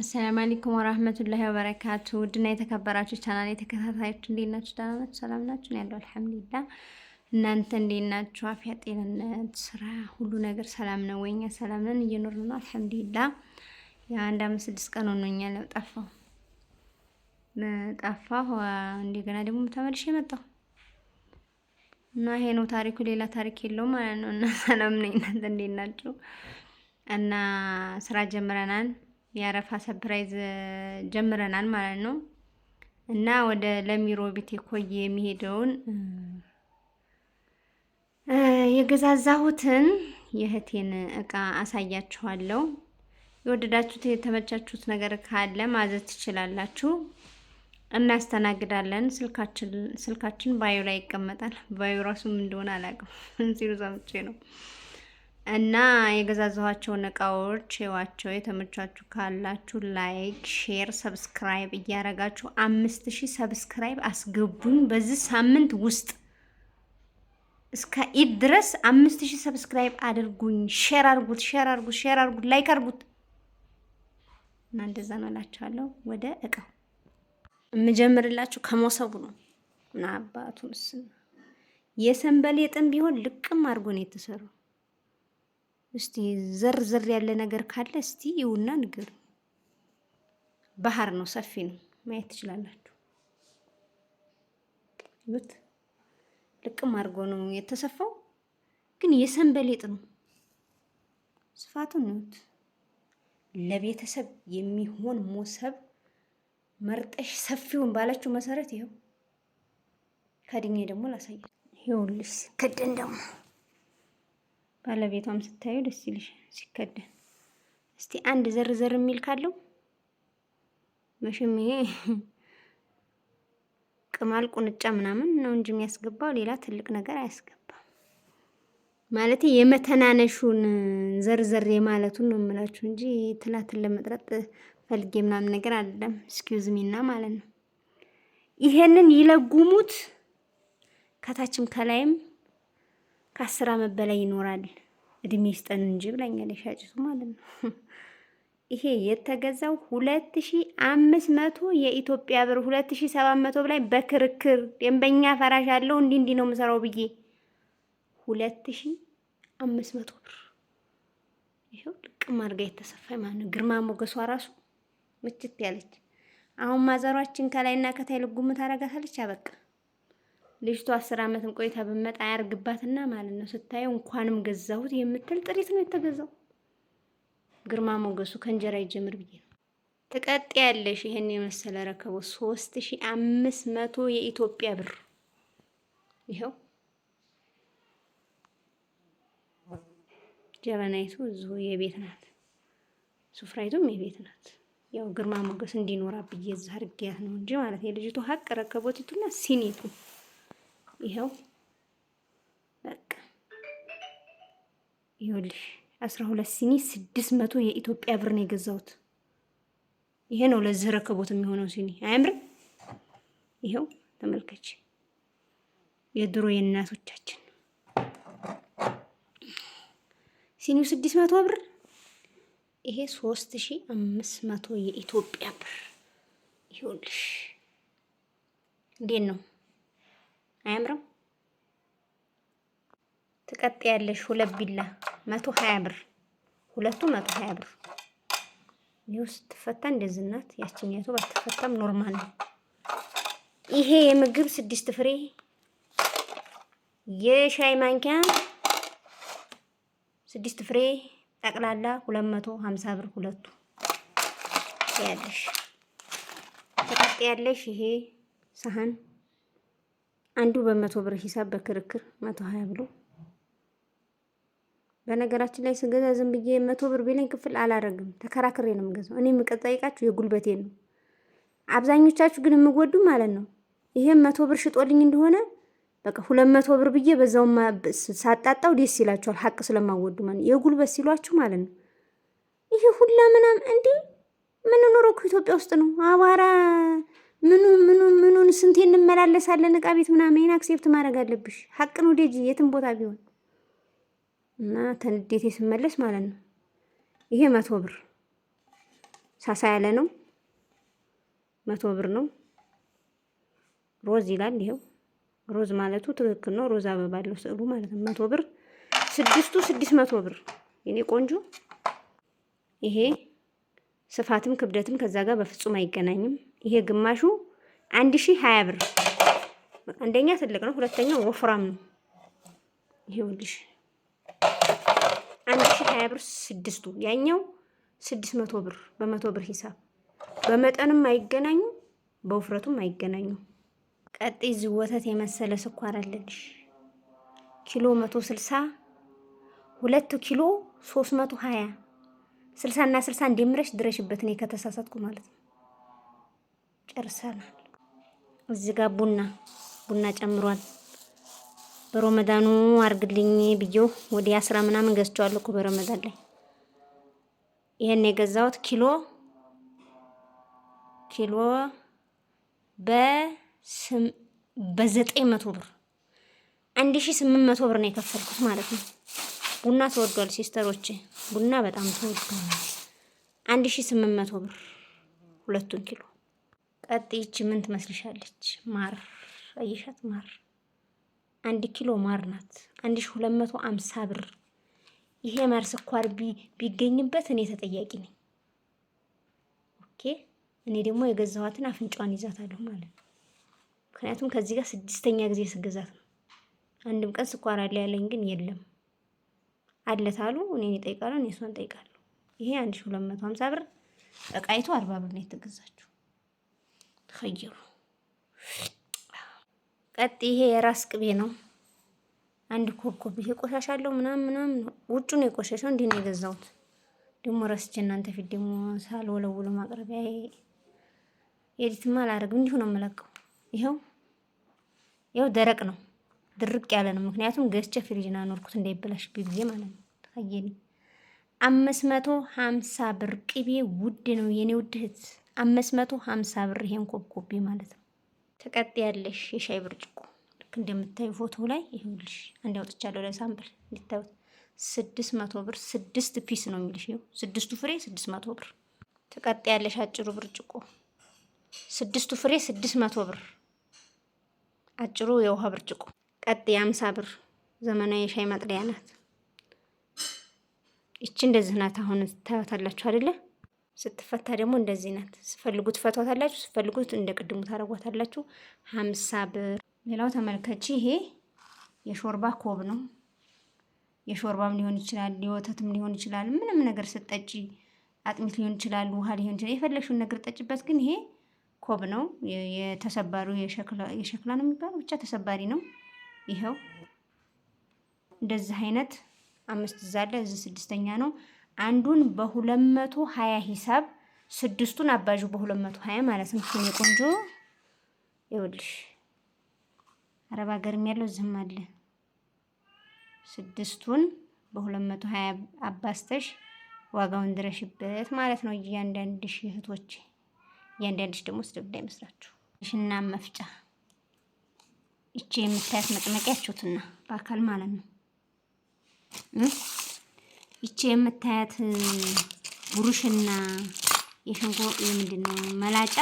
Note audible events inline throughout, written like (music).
አሰላሙ አለይኩም ወራህመቱላሂ ወበረካቱ። ውድና የተከበራችሁ ቻናል የተከታታዮች እንዴት ናችሁ? ደህና ናችሁ? ሰላም ናችሁ? ያለው አልሐምዱሊላህ። እናንተ እንዴት ናችሁ? አፍያ፣ ጤንነት፣ ስራ፣ ሁሉ ነገር ሰላም ነው ወይ? እኛ ሰላም ነን፣ እየኖርን ነው አልሐምዱሊላህ። ያ አምስት ስድስት ቀን ሆኖኛል ጠፋሁ ጠፋሁ። እንደገና ደግሞ ተመልሼ መጣሁ እና ይሄ ነው ታሪኩ። ሌላ ታሪክ የለውም ማለት ነው። እና ሰላም ነኝ። እናንተ እንዴት ናችሁ? እና ስራ ጀምረናል የአረፋ ሰፕራይዝ ጀምረናል ማለት ነው እና ወደ ለሚሮ ቤት የኮየ የሚሄደውን የገዛዛሁትን የእህቴን እቃ አሳያችኋለሁ። የወደዳችሁት የተመቻችሁት ነገር ካለ ማዘዝ ትችላላችሁ፣ እናስተናግዳለን። ስልካችን ባዩ ላይ ይቀመጣል። ባዩ ራሱም እንደሆነ አላውቅም፣ (laughs) ሲሉ ሰምቼ ነው። እና የገዛዛኋቸውን እቃዎች ዋቸው የተመቻችሁ ካላችሁ ላይክ፣ ሼር፣ ሰብስክራይብ እያረጋችሁ አምስት ሺህ ሰብስክራይብ አስገቡኝ። በዚህ ሳምንት ውስጥ እስከ ኢድ ድረስ አምስት ሺህ ሰብስክራይብ አድርጉኝ። ሼር አርጉት፣ ሼር አርጉት፣ ሼር አርጉት፣ ላይክ አርጉት እና እንደዛ ነው እላችኋለሁ። ወደ እቃው የምጀምርላችሁ ከሞሰቡ ነው። ምናባቱን የሰንበሌጥም ቢሆን ልቅም አድርጎ ነው የተሰሩ እስቲ ዘርዘር ያለ ነገር ካለ እስቲ ይውና ንገር። ባህር ነው፣ ሰፊ ነው፣ ማየት ትችላላችሁ። ይሁት ልቅም አድርጎ ነው የተሰፋው፣ ግን የሰንበሌጥ ነው። ስፋቱን ይሁት። ለቤተሰብ የሚሆን ሞሰብ መርጠሽ ሰፊውን ባላችሁ መሰረት ይኸው ከድኜ ደግሞ ላሳያችሁ። ይኸውልሽ ክድን ደግሞ ባለቤቷም ስታዩ ደስ ይልሽ ሲከደን። እስቲ አንድ ዘር ዘር የሚል ካለው መቼም ይሄ ቅማል ቁንጫ ምናምን ነው እንጂ የሚያስገባው ሌላ ትልቅ ነገር አያስገባም። ማለት የመተናነሹን ዘርዘር የማለቱን ነው የምላችሁ እንጂ ትላትን ለመጥረጥ ፈልጌ ምናምን ነገር አይደለም። እስኪውዝ ሚና ማለት ነው። ይሄንን ይለጉሙት ከታችም ከላይም ከአስር ዓመት በላይ ይኖራል እድሜ ይስጠን እንጂ ብላኛል። የሻጭቱ ማለት ነው። ይሄ የተገዛው ሁለት ሺ አምስት መቶ የኢትዮጵያ ብር ሁለት ሺ ሰባት መቶ ብላይ በክርክር ደንበኛ ፈራሽ አለው እንዲህ እንዲህ ነው የምሰራው ብዬ ሁለት ሺ አምስት መቶ ብር ይኸው ልቅም አድርጋ የተሰፋኝ ማለት ነው። ግርማ ሞገሷ ራሱ ምችት ያለች አሁን ማዘሯችን ከላይና ከታይ ልጉም ታደርጋታለች። አበቃ። ልጅቱ አስር ዓመትም ቆይታ ብመጣ አያርግባትና ማለት ነው። ስታየው እንኳንም ገዛሁት የምትል ጥሪት ነው የተገዛው። ግርማ ሞገሱ ከእንጀራ ይጀምር ብዬ ነው። ትቀጥ ያለሽ ይህን የመሰለ ረከቦ ሶስት ሺ አምስት መቶ የኢትዮጵያ ብር ይኸው ጀበናይቱ እዚሁ የቤት ናት። ሱፍራይቱም የቤት ናት። ያው ግርማ ሞገስ እንዲኖራ ብዬ እዛ አድርጊያት ነው እንጂ ማለት የልጅቱ ሀቅ ረከቦቲቱና ሲኒቱ ይኸው በቃ ይኸውልሽ፣ አስራ ሁለት ሲኒ ስድስት መቶ የኢትዮጵያ ብር ነው የገዛሁት። ይሄ ነው ለዚህ ረከቦት የሚሆነው ሲኒ። አያምርም? ይኸው ተመልከች፣ የድሮ የእናቶቻችን ሲኒው ስድስት መቶ ብር፣ ይሄ ሶስት ሺ አምስት መቶ የኢትዮጵያ ብር። ይኸውልሽ እንዴት ነው አያምርም? ትቀጥ ያለሽ ሁለት ቢላ መቶ ሀያ ብር ሁለቱ መቶ ሀያ ብር ይኸው ስትፈታ እንደዚህ ናት። ያችኛቱ ባትፈታም ኖርማል ነው። ይሄ የምግብ ስድስት ፍሬ የሻይ ማንኪያ ስድስት ፍሬ ጠቅላላ ሁለት መቶ ሀምሳ ብር ሁለቱ ያለሽ ተቀጥ ያለሽ ይሄ ሳህን አንዱ በመቶ ብር ሂሳብ በክርክር መቶ ሀያ ብሎ በነገራችን ላይ ስገዛ ዝም ብዬ መቶ ብር ቢለኝ ክፍል አላረግም። ተከራክሬ ነው የምገዛው። እኔ የምቀጠይቃችሁ የጉልበቴ ነው። አብዛኞቻችሁ ግን የምጎዱ ማለት ነው። ይሄም መቶ ብር ሽጦልኝ እንደሆነ በቃ ሁለት መቶ ብር ብዬ በዛው ሳጣጣው ደስ ይላችኋል። ሀቅ ስለማወዱ ማለት ነው። የጉልበት ሲሏችሁ ማለት ነው። ይሄ ሁላ ምናም እንዲህ የምንኖረው ኢትዮጵያ ውስጥ ነው። አቧራ ምኑ ምኑ ምኑን ስንቴ እንመላለሳለን እቃ ቤት ምናምን ይሄን አክሴፕት ማድረግ አለብሽ። ሀቅን ውደጂ የትም ቦታ ቢሆን እና ተንዴቴ ስመለስ ማለት ነው። ይሄ መቶ ብር ሳሳ ያለ ነው። መቶ ብር ነው። ሮዝ ይላል ይኸው ሮዝ ማለቱ ትክክል ነው። ሮዝ አበባ አለው ስዕሉ ማለት ነው። መቶ ብር ስድስቱ ስድስት መቶ ብር የኔ ቆንጆ። ይሄ ስፋትም ክብደትም ከዛ ጋር በፍጹም አይገናኝም። ይሄ ግማሹ አንድ ሺህ ሀያ ብር አንደኛ ትልቅ ነው፣ ሁለተኛው ወፍራም ነው። ይሄውልሽ አንድ ሺህ ሀያ ብር ስድስቱ፣ ያኛው ስድስት መቶ ብር በመቶ ብር ሂሳብ በመጠንም አይገናኙ፣ በውፍረቱም አይገናኙ። ቀጥ እዚህ ወተት የመሰለ ስኳር አለልሽ ኪሎ መቶ ስልሳ ሁለት ኪሎ ሶስት መቶ ሀያ ስልሳና ስልሳ እንደምረሽ ድረሽበት ነው ከተሳሳትኩ ማለት ነው። ጨርሰናል። እዚህ ጋር ቡና ቡና ጨምሯል። በረመዳኑ አርግልኝ ብዬው ወደ አስራ ምናምን ገዝቼዋለሁ እኮ በረመዳን ላይ ይሄን የገዛሁት ኪሎ ኪሎ በዘጠኝ መቶ ብር አንድ ሺ ስምንት መቶ ብር ነው የከፈልኩት ማለት ነው። ቡና ተወዷል ሲስተሮች፣ ቡና በጣም ተወዷል። አንድ ሺ ስምንት መቶ ብር ሁለቱን ኪሎ ቀጥ ይቺ ምን ትመስልሻለች? ማር አይሻት ማር አንድ ኪሎ ማር ናት አንድ ሺህ ሁለት መቶ አምሳ ብር። ይሄ ማር ስኳር ቢገኝበት እኔ ተጠያቂ ነኝ። ኦኬ እኔ ደግሞ የገዛኋትን አፍንጫዋን ይዛታለሁ ማለት ነው። ምክንያቱም ከዚህ ጋር ስድስተኛ ጊዜ ስገዛት ነው። አንድም ቀን ስኳር አለ ያለኝ ግን የለም አለታሉ እኔን ይጠይቃሉ፣ እኔ እሷን ጠይቃለሁ ይሄ አንድ ሺህ ሁለት መቶ ሀምሳ ብር እቃይቱ አርባ ብር ነው የተገዛችው። ኸይሩ ቀጥ። ይሄ የራስ ቅቤ ነው። አንድ ኮከብ። ይሄ ቆሻሻ አለው ምናምን ምናምን ነው። ነው የቆሻሻው። እንዲህ ነው የገዛሁት። ደግሞ ረስቼ እናንተ ፊት ደግሞ ሳልወለውሎ ማቅረቢያ የዲትማ አላደርግም። እንዲሁ ነው የምለቀው። ይኸው ያው ደረቅ ነው ድርቅ ያለ ነው። ምክንያቱም ገዝቼ ፍሪጅን አኖርኩት እንዳይበላሽ ጊዜ ማለት ነው። አየኔ አምስት መቶ ሀምሳ ብር ቅቤ ውድ ነው የኔ ውድ እህት። አምስት መቶ ሀምሳ ብር ይሄን ኮብኮቤ ማለት ነው። ተቀጥ ያለሽ የሻይ ብርጭቆ ልክ እንደምታዩ ፎቶ ላይ ይኸውልሽ፣ አንድ አውጥቻለሁ ለሳምፕል እንድታዩት። ስድስት መቶ ብር ስድስት ፒስ ነው የሚልሽ። ይኸው ስድስቱ ፍሬ ስድስት መቶ ብር። ተቀጥ ያለሽ አጭሩ ብርጭቆ ስድስቱ ፍሬ ስድስት መቶ ብር። አጭሩ የውሃ ብርጭቆ ቀጥ የአምሳ ብር ዘመናዊ የሻይ ማጥለያ ናት። ይቺ እንደዚህ ናት። አሁን ታያታላችሁ አይደለ? ስትፈታ ደግሞ እንደዚህ ናት። ስፈልጉት ፈቷታላችሁ፣ ስፈልጉት እንደ ቅድሙ ታረጓታላችሁ። ሀምሳ ብር። ሌላው ተመልከቺ፣ ይሄ የሾርባ ኮብ ነው። የሾርባም ሊሆን ይችላል፣ የወተትም ሊሆን ይችላል። ምንም ነገር ስትጠጪ አጥሚት ሊሆን ይችላል፣ ውሃ ሊሆን ይችላል። የፈለግሽውን ነገር ጠጭበት። ግን ይሄ ኮብ ነው የተሰባሪ የሸክላ ነው የሚባለው፣ ብቻ ተሰባሪ ነው። ይኸው እንደዚህ አይነት አምስት እዛ አለ። እዚህ ስድስተኛ ነው። አንዱን በሁለት መቶ ሀያ ሂሳብ ስድስቱን አባዡ በሁለት መቶ ማለት ነው። ሽኔ ቆንጆ ይኸውልሽ፣ አረብ ሀገርም ያለው ዝም አለ። ስድስቱን በሁለት መቶ አባስተሽ ዋጋውን ድረሽበት ማለት ነው። እያንዳንድሽ እህቶች፣ እያንዳንድሽ ደግሞ ስድብ መስላችሁ ሽና መፍጫ ይቺ የምታያት መጥመቂያችሁትና በአካል ማለት ነው። ይቺ የምታያት ብሩሽና የሽንኮ የምንድን ነው መላጫ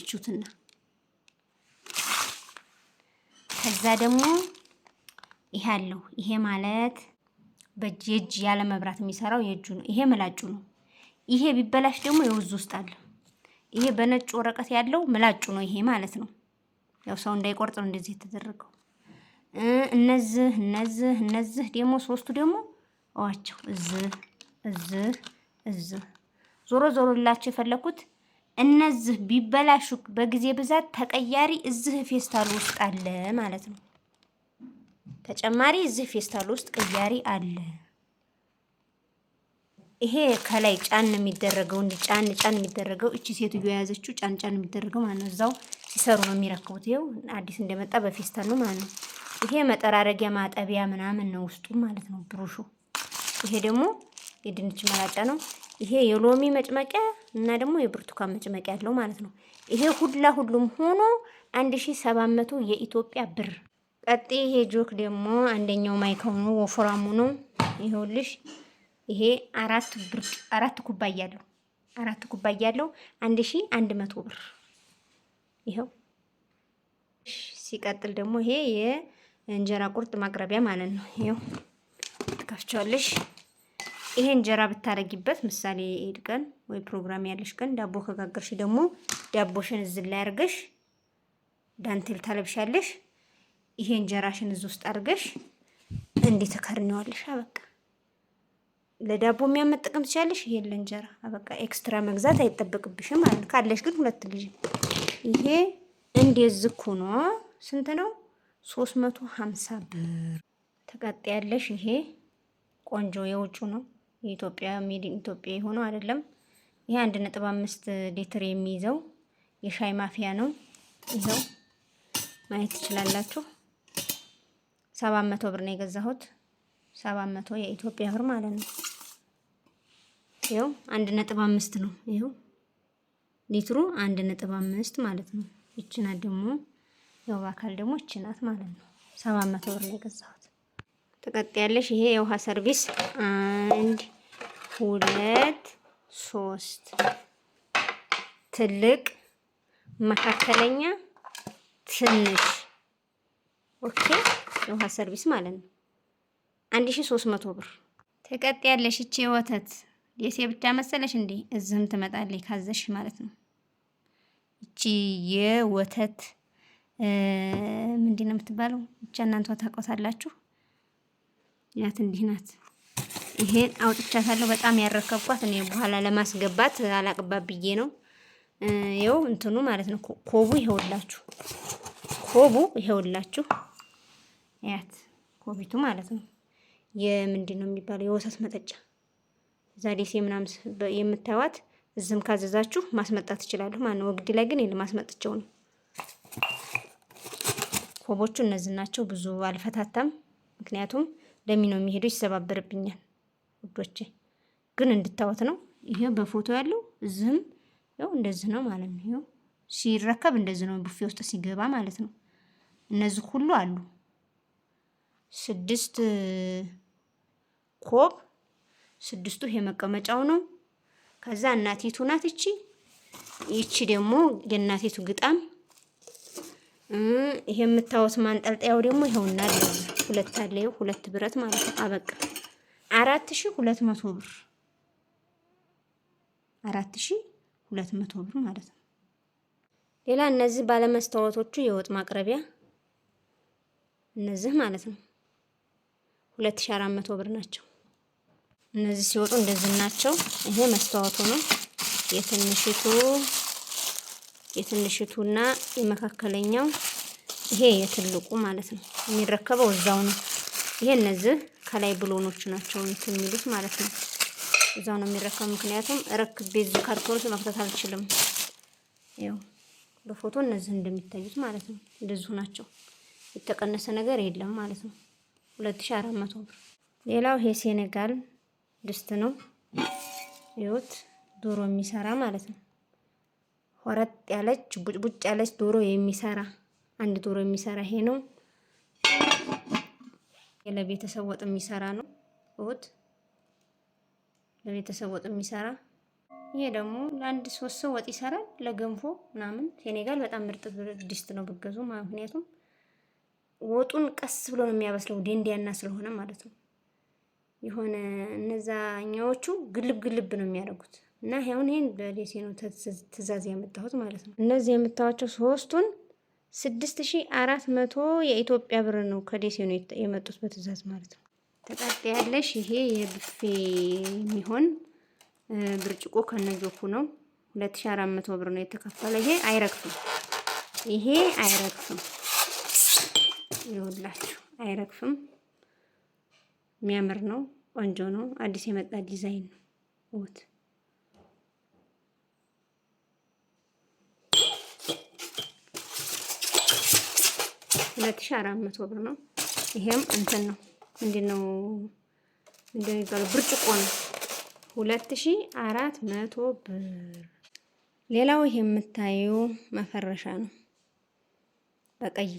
እችሁትና ከዛ ደግሞ ይሄ አለው። ይሄ ማለት በእጅ የእጅ ያለ መብራት የሚሰራው የእጁ ነው። ይሄ ምላጩ ነው። ይሄ ቢበላሽ ደግሞ የውዝ ውስጥ አለ። ይሄ በነጭ ወረቀት ያለው ምላጩ ነው። ይሄ ማለት ነው። ያው ሰው እንዳይቆርጥ ነው እንደዚህ የተደረገው። እነዚህ እነዚህ እነዚህ ደግሞ ሶስቱ ደግሞ እዋቸው እዚ እዚ እዚ ዞሮ ዞሮ ላቸው የፈለኩት እነዚህ ቢበላሹ በጊዜ ብዛት ተቀያሪ እዚህ ፌስታል ውስጥ አለ ማለት ነው። ተጨማሪ እዚህ ፌስታል ውስጥ ቅያሪ አለ። ይሄ ከላይ ጫን የሚደረገው እንዲ ጫን ጫን የሚደረገው እቺ ሴትዮ የያዘችው ጫን ጫን የሚደረገው ማለት ነው። እዛው ሲሰሩ ነው የሚረክቡት። ይኸው አዲስ እንደመጣ በፌስታል ነው ማለት ነው። ይሄ መጠራረጊያ ማጠቢያ ምናምን ነው ውስጡ ማለት ነው ብሩሹ ይሄ ደግሞ የድንች መላጫ ነው። ይሄ የሎሚ መጭመቂያ እና ደግሞ የብርቱካን መጭመቂያ ያለው ማለት ነው። ይሄ ሁላ ሁሉም ሆኖ 1700 የኢትዮጵያ ብር። ቀጥ ይሄ ጆክ ደግሞ አንደኛው ማይካው ነው፣ ወፍራሙ ነው። ይሄውልሽ ይሄ አራት ብር አራት ኩባያ ያለው አራት ኩባያ ያለው 1100 ብር። ይሄው። ሲቀጥል ደግሞ ይሄ የእንጀራ ቁርጥ ማቅረቢያ ማለት ነው። ይሄው ትከፍቻለሽ። ይሄ እንጀራ ብታረጊበት ምሳሌ ኢድ ቀን ወይ ፕሮግራም ያለሽ ቀን ዳቦ ከጋገርሽ ደግሞ ዳቦሽን እዚህ ላይ አርገሽ ዳንቴል ታለብሻለሽ። ይሄ እንጀራሽን እዚህ ውስጥ አርገሽ እንዴ ተከርነዋለሽ። አበቃ ለዳቦ የሚያመጥቅም ጥቅም ይሄ ለእንጀራ አበቃ። ኤክስትራ መግዛት አይጠበቅብሽም ማለት ካለሽ ግን ሁለት ልጅ ይሄ እንደዚህ ነው? ስንት ነው? 350 ብር ተቀጥ ይሄ ቆንጆ የውጩ ነው። የኢትዮጵያ ሜድ ኢትዮጵያ የሆነው አይደለም። ይሄ አንድ ነጥብ አምስት ሊትር የሚይዘው የሻይ ማፊያ ነው። ይኸው ማየት ትችላላችሁ። ሰባት መቶ ብር ነው የገዛሁት። ሰባት መቶ የኢትዮጵያ ብር ማለት ነው። ይኸው አንድ ነጥብ አምስት ነው። ይኸው ሊትሩ አንድ ነጥብ አምስት ማለት ነው። ይችናት ደግሞ ያው በአካል ደግሞ ይችናት ማለት ነው። ሰባት መቶ ብር ነው የገዛሁት። ትቀጥያለሽ። ይሄ የውሃ ሰርቪስ አንድ ሁለት ሶስት፣ ትልቅ መካከለኛ፣ ትንሽ። ኦኬ የውሃ ሰርቪስ ማለት ነው። አንድ ሺ ሶስት መቶ ብር ያለሽ እቺ ወተት የሴ ብቻ መሰለሽ እንዴ? እዚህም ትመጣለች ካዘሽ ማለት ነው። እቺ የወተት ምንድን ነው የምትባለው? ብቻ እናንተ ታውቃታላችሁ። ያት እንዲህ ናት። ይሄን አውጥቻታለሁ። በጣም ያረከብኳት እኔ በኋላ ለማስገባት አላቅባት ብዬ ነው። ይኸው እንትኑ ማለት ነው። ኮቡ ይኸውላችሁ፣ ኮቡ ይኸውላችሁ፣ ያት ኮቢቱ ማለት ነው። የምንድን ነው የሚባለው? የወተት መጠጫ እዛ ደሴ ምናምን የምታዩት እዝም ካዘዛችሁ ማስመጣት ትችላለሁ ማለት ነው። ላይ ግን ይሄን ማስመጥቸው ነው። ኮቦቹ እነዚህ ናቸው። ብዙ አልፈታታም፣ ምክንያቱም ደሚ ነው የሚሄደው፣ ይሰባበርብኛል ውዶቼ። ግን እንድታወት ነው ይሄ በፎቶ ያለው እዚህም ያው እንደዚህ ነው ማለት ነው። ይሄው ሲረከብ እንደዚህ ነው፣ ቡፌ ውስጥ ሲገባ ማለት ነው። እነዚህ ሁሉ አሉ ስድስት ኮብ ስድስቱ ይሄ መቀመጫው ነው። ከዛ እናቲቱ ናት እቺ ይቺ ደግሞ የእናቲቱ ግጣም ይሄ የምታወት ማንጠልጠያው ደግሞ ይኸውና ሁለት አለ ሁለት ብረት ማለት ነው። አበቃ። አራት ሺ ሁለት መቶ ብር አራት ሺ ሁለት መቶ ብር ማለት ነው። ሌላ እነዚህ ባለመስታወቶቹ የወጥ ማቅረቢያ እነዚህ ማለት ነው ሁለት ሺ አራት መቶ ብር ናቸው። እነዚህ ሲወጡ እንደዚህ ናቸው። ይሄ መስታወቱ ነው የትንሽቱ የትንሽቱና የመካከለኛው ይሄ የትልቁ ማለት ነው የሚረከበው እዛው ነው። ይሄ እነዚህ ከላይ ብሎኖች ናቸው እንትን የሚሉት ማለት ነው። እዛው ነው የሚረከበው። ምክንያቱም ረክ ቤዝ ካርቶን መፍታት አልችልም። ያው በፎቶ እነዚህ እንደሚታዩት ማለት ነው። እንደዚሁ ናቸው። የተቀነሰ ነገር የለም ማለት ነው። ሁለት ሺ አራት መቶ ብር። ሌላው ይሄ ሴኔጋል ድስት ነው። ይኸውት ዶሮ የሚሰራ ማለት ነው። ሆረጥ ያለች ቡጭ ያለች ዶሮ የሚሰራ አንድ ዶሮ የሚሰራ ይሄ ነው። ለቤተሰብ ወጥ የሚሰራ ነው። ወጥ ለቤተሰብ ወጥ የሚሰራ ይሄ ደግሞ ለአንድ ሶስት ሰው ወጥ ይሰራል። ለገንፎ ምናምን ሴኔጋል በጣም ምርጥ ድስት ነው ብገዙ። ምክንያቱም ወጡን ቀስ ብሎ ነው የሚያበስለው ደንዲያና ስለሆነ ማለት ነው። የሆነ እነዛኛዎቹ ግልብ ግልብ ነው የሚያደርጉት እና ይሁን ይሄን በደሴ ነው ትእዛዝ ያመጣሁት ማለት ነው። እነዚህ የምታዋቸው ሶስቱን ስድስት ሺህ አራት መቶ የኢትዮጵያ ብር ነው። ከደሴ ነው የመጡት በትዕዛዝ ማለት ነው። ተጣጣ ያለሽ ይሄ የብፌ የሚሆን ብርጭቆ ከነጆኩ ነው። ሁለት ሺህ አራት መቶ ብር ነው የተከፈለ። ይሄ አይረግፍም፣ ይሄ አይረግፍም። ይኸውላችሁ አይረግፍም። የሚያምር ነው፣ ቆንጆ ነው። አዲስ የመጣ ዲዛይን ነው። ሁለት ሺህ አራት መቶ ብር ነው። ይሄም እንትን ነው ምንድን ነው ምንድን ነው የሚባለው ብርጭቆ ነው። ሁለት ሺህ አራት መቶ ብር። ሌላው ይሄ የምታዩ መፈረሻ ነው። በቀይ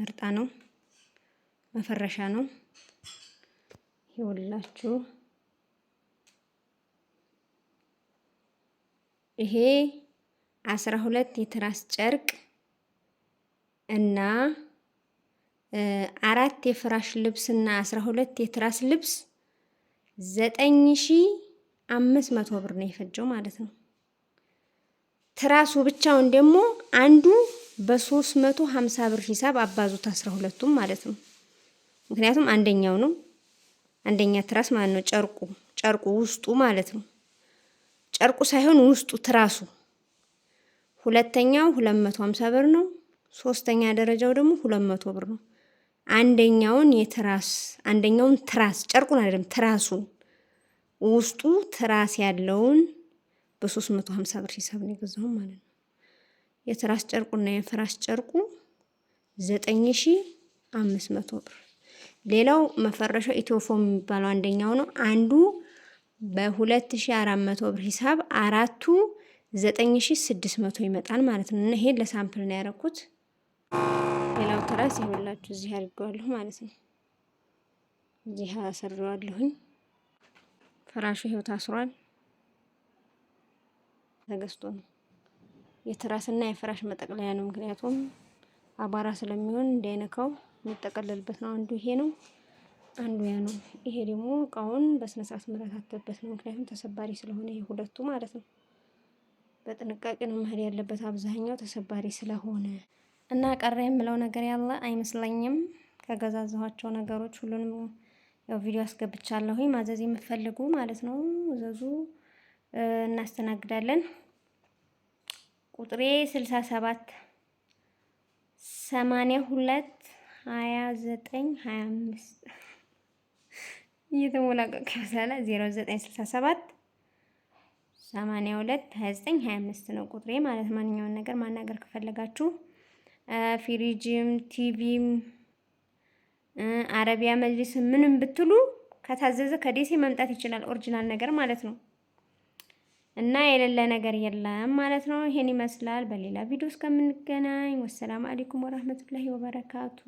ምርጣ ነው መፈረሻ ነው። ይኸውላችሁ ይሄ አስራ ሁለት የትራስ ጨርቅ እና አራት የፍራሽ ልብስና አስራ ሁለት የትራስ ልብስ ዘጠኝ ሺ አምስት መቶ ብር ነው የፈጀው ማለት ነው። ትራሱ ብቻውን ደግሞ አንዱ በሶስት መቶ ሀምሳ ብር ሂሳብ አባዙት አስራ ሁለቱም ማለት ነው። ምክንያቱም አንደኛው ነው አንደኛ ትራስ ማለት ነው። ጨርቁ ጨርቁ ውስጡ ማለት ነው። ጨርቁ ሳይሆን ውስጡ ትራሱ። ሁለተኛው ሁለት መቶ ሀምሳ ብር ነው። ሶስተኛ ደረጃው ደግሞ ሁለት መቶ ብር ነው። አንደኛውን የትራስ አንደኛውን ትራስ ጨርቁን አይደለም ትራሱን ውስጡ ትራስ ያለውን በ350 ብር ሂሳብ ነው የገዛው ማለት ነው። የትራስ ጨርቁና የፍራስ ጨርቁ 9500 ብር። ሌላው መፈረሻው ኢትዮፎም የሚባለው አንደኛው ነው። አንዱ በ2400 ብር ሂሳብ አራቱ 9600 ይመጣል ማለት ነው። እና ይሄን ለሳምፕል ነው ያደረኩት። ሌላው ትራስ ይኸውላችሁ እዚህ አድርገዋለሁ ማለት ነው። እዚህ አሰረዋለሁኝ። ፍራሹ ይኸው ታስሯል፣ ተገዝቶ ነው የትራስና የፍራሽ መጠቅለያ ነው። ምክንያቱም አቧራ ስለሚሆን እንዳይነካው የሚጠቀለልበት ነው። አንዱ ይሄ ነው፣ አንዱ ያ ነው። ይሄ ደግሞ እቃውን በስነ ስርዓት መረታተበት ነው። ምክንያቱም ተሰባሪ ስለሆነ ይሄ ሁለቱ ማለት ነው። በጥንቃቄ ነው መሄድ ያለበት፣ አብዛኛው ተሰባሪ ስለሆነ እና ቀረ የምለው ነገር ያለ አይመስለኝም። ከገዛዝኋቸው ነገሮች ሁሉንም ያው ቪዲዮ አስገብቻለሁ። ማዘዝ የምትፈልጉ ማለት ነው እዘዙ፣ እናስተናግዳለን። ቁጥሬ ስልሳ ሰባት ሰማንያ ሁለት ሀያ ዘጠኝ ሀያ አምስት (laughs) እየተሞላቀቀ ይመስላል። ዜሮ ዘጠኝ ስልሳ ሰባት ሰማንያ ሁለት ሀያ ዘጠኝ ሀያ አምስት ነው ቁጥሬ ማለት ማንኛውን ነገር ማናገር ከፈለጋችሁ ፍሪጅም ቲቪም አረቢያ መጅሊስ ምንም ብትሉ ከታዘዘ ከደሴ መምጣት ይችላል። ኦሪጂናል ነገር ማለት ነው። እና የሌለ ነገር የለም ማለት ነው። ይሄን ይመስላል። በሌላ ቪዲዮ እስከምንገናኝ ወሰላም አለይኩም ወራህመቱላሂ ወበረካቱ።